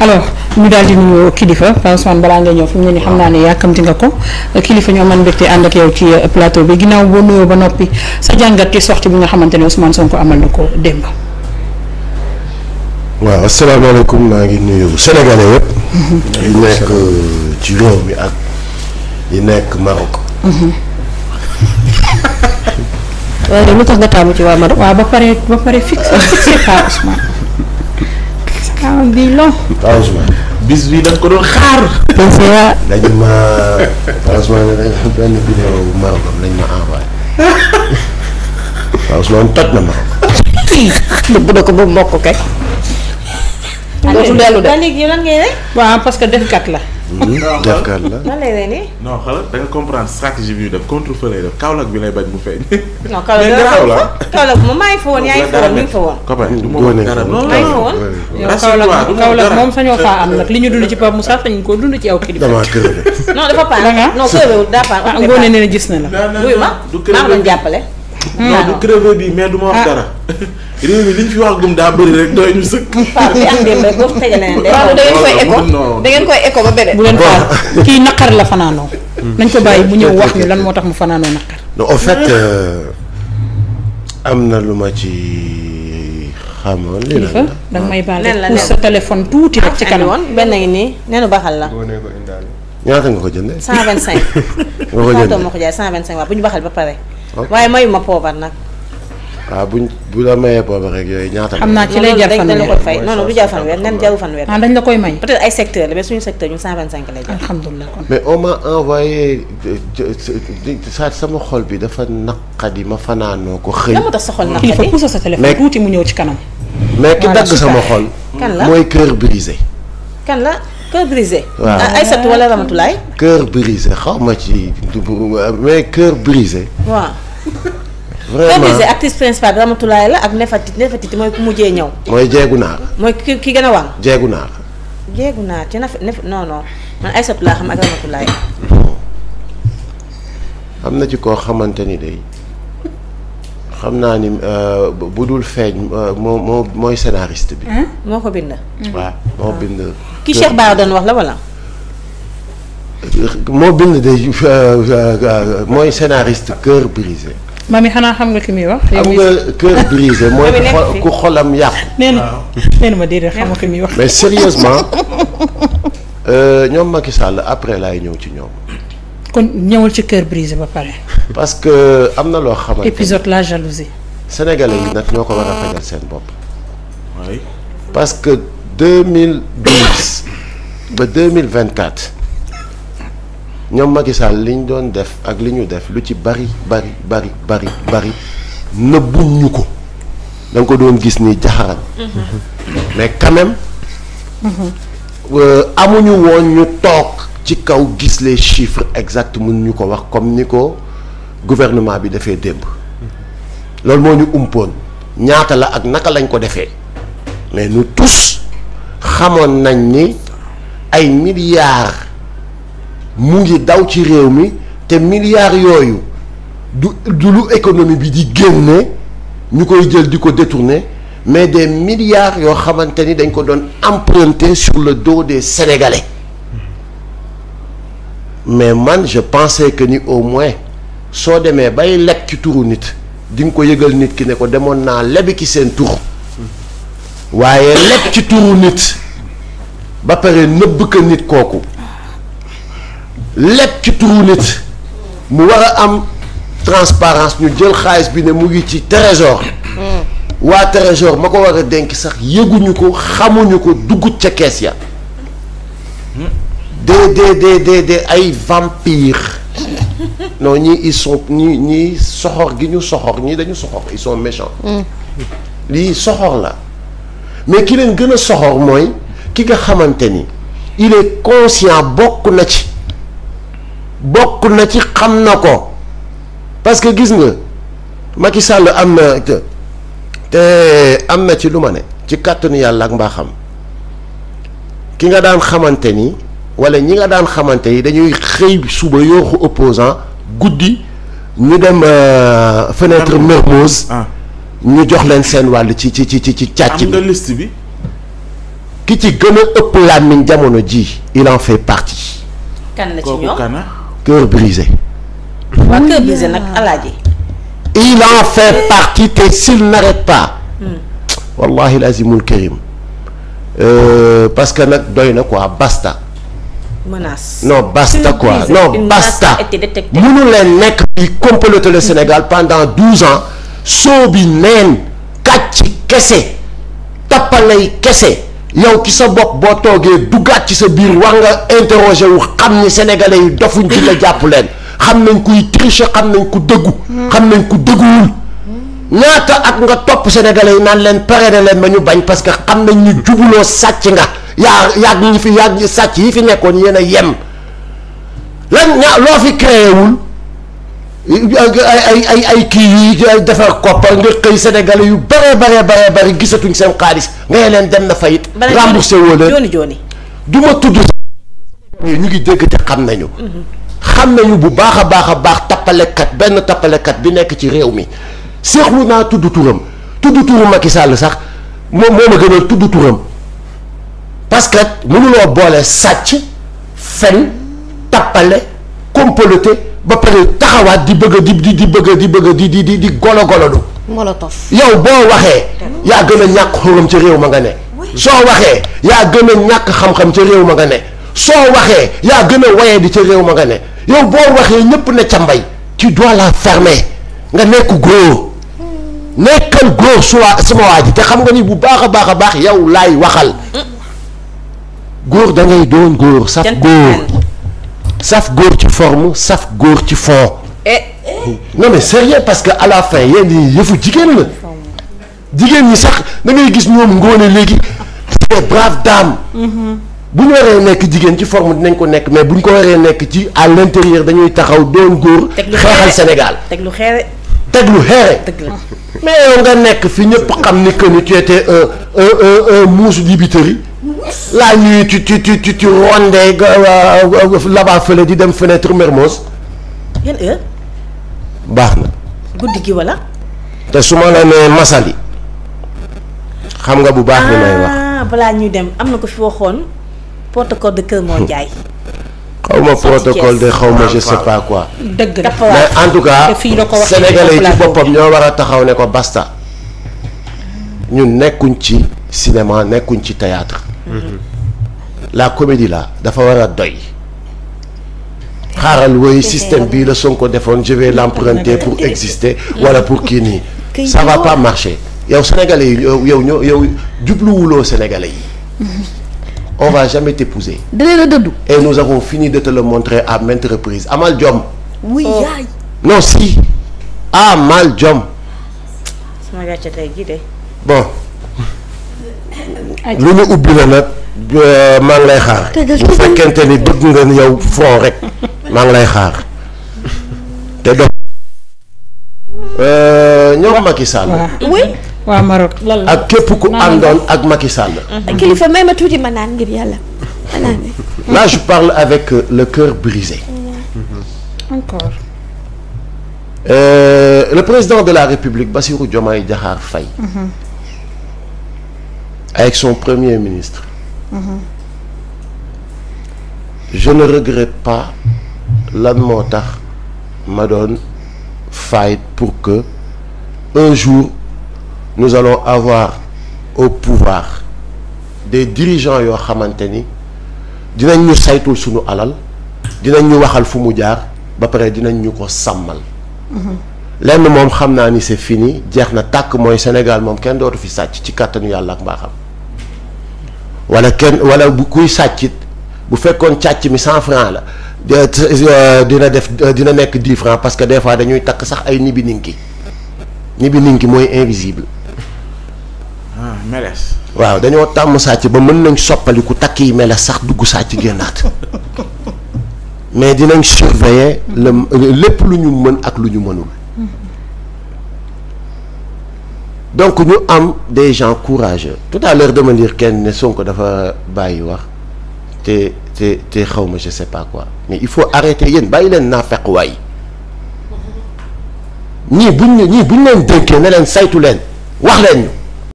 alors ñu daal nuyu kilifa Pa Ousmane balaa nga ñëw fi mu ne nii xam naa ne yàkkamti nga ko kilifa ñoo man mbégte ànd ak yow ci euh, plateau bi ginnaaw boo nuyoo ba noppi sa jàngat ci sortie bi nga xamante ne Ousmane Sonko amal na ko démb. waaw asalaamaaleykum maa ngi nuyu sénégalais yëpp. Mm-hmm. yi nekk euh, ci réew mi ak yi nekk mm-hmm. Maroc. waaw ba pare ba pare fixé fixé Pa kaw bii lo bis bi da ko doon xaar. PCA. ma franchement dañ am benn vidéo bu Maroc am lañ ma envoyé waaw Ousmane toj na Maroc. dëgg na ko ba mbokk kay. dootu dellu de waaw parce que defkat la. Mmh. def kaal la lan lay demee. non xala da nga comprendre stratégie bi ñu def contre feu lay def Kaolack bi lay bañ mu feeñ. non Kaolack moom maa ngi fa woon moom sañoo faa am nag li ñu dund ci Pape Moussa sañ ko dund ci aw kilifa. damaa crevé. non dafa paan non crevé daa paan. ah ngoone gis na la. wuyu ma maa ngi jàppale. non du ah. crevé bi mais du wax ah. dara. réew mi li fi wax gum daa bëri rek doy ñu sëkk. Pape bi am démb boo ko tegalee ne. waaw koy écho ba beneen. kii naqar la fanaanoo. Hmm. nañ ko bàyyi mu ñëw wax ñu lan moo tax mu fanaanoo naqar. Euh, am na lu ma ci xamoon. li la da nga may baale pour sa téléphone tuuti rek ci ah, kanam. benn ngi nii nenu baxal la. ñaata nga ko jëndee. 125. nga ko jëndee tonton ma ko jaay 125 waaw ñu baxal ba pare. waaye mayu poobar nag. waaw buñ bu la mayee booba rek yooyu ñaata. xam naa ci lay jar fanweer dañ la koy fay non non du jar fanweer nen jaru fanweer. ah dañ la koy may. peut-être ay secteur la mais suñu secteur ñun 125 m'a envoyé sa sama xol bi dafa naqadi ma fanaanoo ko xëy. dama tax sa xol naqadi kilifa pousse mu ñëw ci kanam. mais ki dagg sama xol. kan la mooy cœur brisé. kan la. cœur brisé. waaw Aïssatou wala Ramatoulaye. cœur brisé xaw ma ci mais cœur brisé. waaw. vraiment Fabrizio actrice principale bi Ramatoulaye la ak Nefertiti Nefertiti mooy ku mujjee ñëw. mooy jeegu naar. mooy ki ki gën a wax jeegu naar. jeegu naar ci naf nef non non man Aïssatou laa xam hmm. na ci koo xamante ni day xam naa ni euh, bu dul feeñ euh, moo mooy scénariste bi. Hmm? moo ko bind. Hmm. waaw moo bind. ki Cheikh Bara doon wax la wala. moo bind de euh, mooy scénariste cœur brisé. mami xanaa xam nga ki muy wax. xam nga cœur brisé mooy ku xolam yàqu. nee na ma na ma xam nga ki muy wax. mais sérieusement euh, ñoom Macky Sall après laay ñëw ci ñoom. kon ñëwal ci cœur brisé ba pare. parce que am na loo xamante épisode la jalousie. sénégalais yi nag ñoo ko war a fajal seen bopp. parce que deux mille douze ba deux mille vingt quatre ñoom Macky Sall li ñu doon def ak li ñu def lu ci bari bari bari bari bari nëbbuñ ñu ko da ko doon gis ni jaxaran mm-hmm. mais quand mm-hmm. euh, amuñu woon ñu toog ci kaw gis les chiffres exacts ñu ko wax comme ni ko gouvernement bi defee démb mm-hmm. loolu moo ñu umpoon ñaata la ak naka lañ ko defee mais nous tous xamoon nañ ni ay milliards mu ngi daw ci réew mi te milliards yooyu du du lu économie bi di génne ñu koy jël di ko détourner mais des milliards yoo xamante ni dañ ko doon emprunter sur le dos des Sénégalais mais man je pensais que ni au moins soo demee bay lekk ci turu nit di nga ko yëgal nit ki ne ko demoon naa lebi ki seen tur waaye leb ci turu nit ba pare nëbb ko nit kooku lekk ci turu nit mu war a am transparence ñu jël xaalis bi ne mu ngi ci trésor waa trésor ma ko war a denc sax yëguñu ko xamuñu ko duggut ca kees ya déedéedéedéedé ay vampire non ñii ils sont ñii ñii soxor gi ñu soxor ñii dañu soxor ils sont méchants lii soxor la mais ki leen gën a soxor mooy ki nga xamante ni il est conscient bokk na ci bokk na ci xam na ko parce que gis nga Macky sàll am na te am na ci lu ma ne ci kàttanu yàlla ak mbaaxam ki nga daan xamante ni wala ñi nga daan xamante ni dañuy xëy suba yooxu opposant guddi ñu dem euh, fenêtre Mermoz ah. ñu jox leen seen wàll ci ci ci ci càcc bi ki ci gën a ëpp làmmiñ jamono ji il en fait partie cœur il en fait partie te s'il n'arrête pas. Hmm. wallahi lazimul karim euh, parce que nag doy na quoi basta. menace non basta quoi non basta. mënu leen nekk di comploter le Sénégal pendant ans soo bi neen kàcc kese tappalay kese. yow ci sa bopp boo toogee duggaat ci sa biir wax nga interroger wu xam ni sénégalais yi dofuñ ci nga jàpp leen xam nañ kuy tricher xam nañ ku dëggu xam nañ ku dëgguwul ñaata ak nga topp sénégalais yi naan leen pare na leen ba ñu bañ parce que xam nañ ñu jubuloo sàcc nga yaa yaag ñi fi yaag sàcc yi fi nekkoon yéen a yem lan ñaa loo fi créé ay ay ay ay kii yi defar koppar nga xëy sénégalais yu bare bare bare bare gisatuñ seen xaalis nga leen dem na fayit remboursé woo leen jooni jooni du ma tudd ñu ngi dégg te xam nañu xam nañu bu baax a baax a baax tappalekat benn tappalekat bi nekk ci réew mi seexlu naa tudd turam tudd turu i Sall sax moom moo a gënal tudd turam parce que mënuloo boole sàcc fen tappale comploté ba pare taxawaat di bëgg di di di bëgg di bëgg di di di di golo gololu yow boo waxee yaa gën a ñàkk xuram ci réew ma nga ne yaa gën a ñàkk xam-xam ci réew ma nga ne soo waxee yaa gën a waye di ci réew ma nga ne yow boo waxee ñépp ne ca mbay tu dois la fermer nga nekk góor nekkal góor suwa sama waa ji te xam nga ni bu baax a baax a baax yow laay waxal mm. góor da ngay doon góor sax góor saf góor ci forme saf góor ci fond. Eh. non mais sérieux parce que à la fin yéen yëfu jigéen la jigéen ñi sax dangay gis ñoom ngóone léegi c'est mm-hmm. bu ñu waree nekk jigéen ci forme dinañ ko nekk mais bu ñu ko waree nekk ci à l'intérieur dañuy taxaw doon góor. xeexal Sénégal teg lu xeere teg lu xeere mais yow nga nekk fi ñëpp xam ni que ni tu étais un un la nuit tu tu tu tu euh, euh, di dem fenêtre Mermoz. baax na. guddi gi te su ma la nee Massaly xam nga bu baax li may wax. Ah, balaa ñuy dem am na ko fi waxoon protocole de Kër Mor Ndiaye. xaw ma protocole de xaw ma je sais pas quoi. dëgg la mais en tout cas. sénégalais yi ci boppam ñoo war a taxaw ne ko basta. ñun nekkuñ ci cinéma nekkuñ ci théâtre Mhm. la comédie là dafa war a doy xaaral woy système bii la Sonko defoon je vais l'emprunter pour exister wala pour kii nii ça va pas marcher yow sénégalais yi yow ñoo yow jubluwuloo sénégalais yi mhm. on va jamais t'épouser dalee la dëddu et nous avons fini de te le montrer à maintes reprises amal jom oui oh. yaay non si amal jom sama bon lu ñu ubbi la nag euh, maa lay xaar. bu fekkente ni bëgg nga yow front rek maa ngi lay xaar te dox. Euh, ñoom Macky Sall. oui waa Maroc ak képp ku àndoon ak Macky Sall. Mhm. kilifa may ma tuuti ma naan ngir yàlla ma naan. là je parle avec euh, le cœur brisé. le président de la République Bassirou Diomaye Diakhar Faye. Mhm. avec son premier ministre je ne regrette pas lan moo tax ma doon fight pour que un jour nous allons avoir au pouvoir des dirigeants yoo xamante ni dinañ ñu saytul suñu alal dinañ ñu waxal fu mu jaar ba pare dinañ ñu ko sàmmal lenn moom xam naa ni c'est fini jeex na tàkk mooy Sénégal moom kenn dootu fi sàcc ci kàttanu yàlla ak mbaaxam wala kenn wala bu kuy sàccit bu fekkoon càcc mi cent franc la euh, dina def euh, dina nekk dix franc parce que des fois dañuy takk sax ay nibi ninki nibi ki mooy invisible ah waaw dañoo tàmm sàcc ba mën nañ soppali ku takk yi meles sax dugg sàcc génnaat mais dinañ surveiller le euh, lépp lu ñu mën ak lu ñu mënul donc ñu am des gens courage tout à l'heure dama lire kenn ne Sonko dafa bàyyi wax te te te xawma je sais pas quoi mais il faut arrêter yéen bàyyi leen naa fekk waay ñii buñ ñii buñ leen dénkee ne leen saytu leen wax leen ñu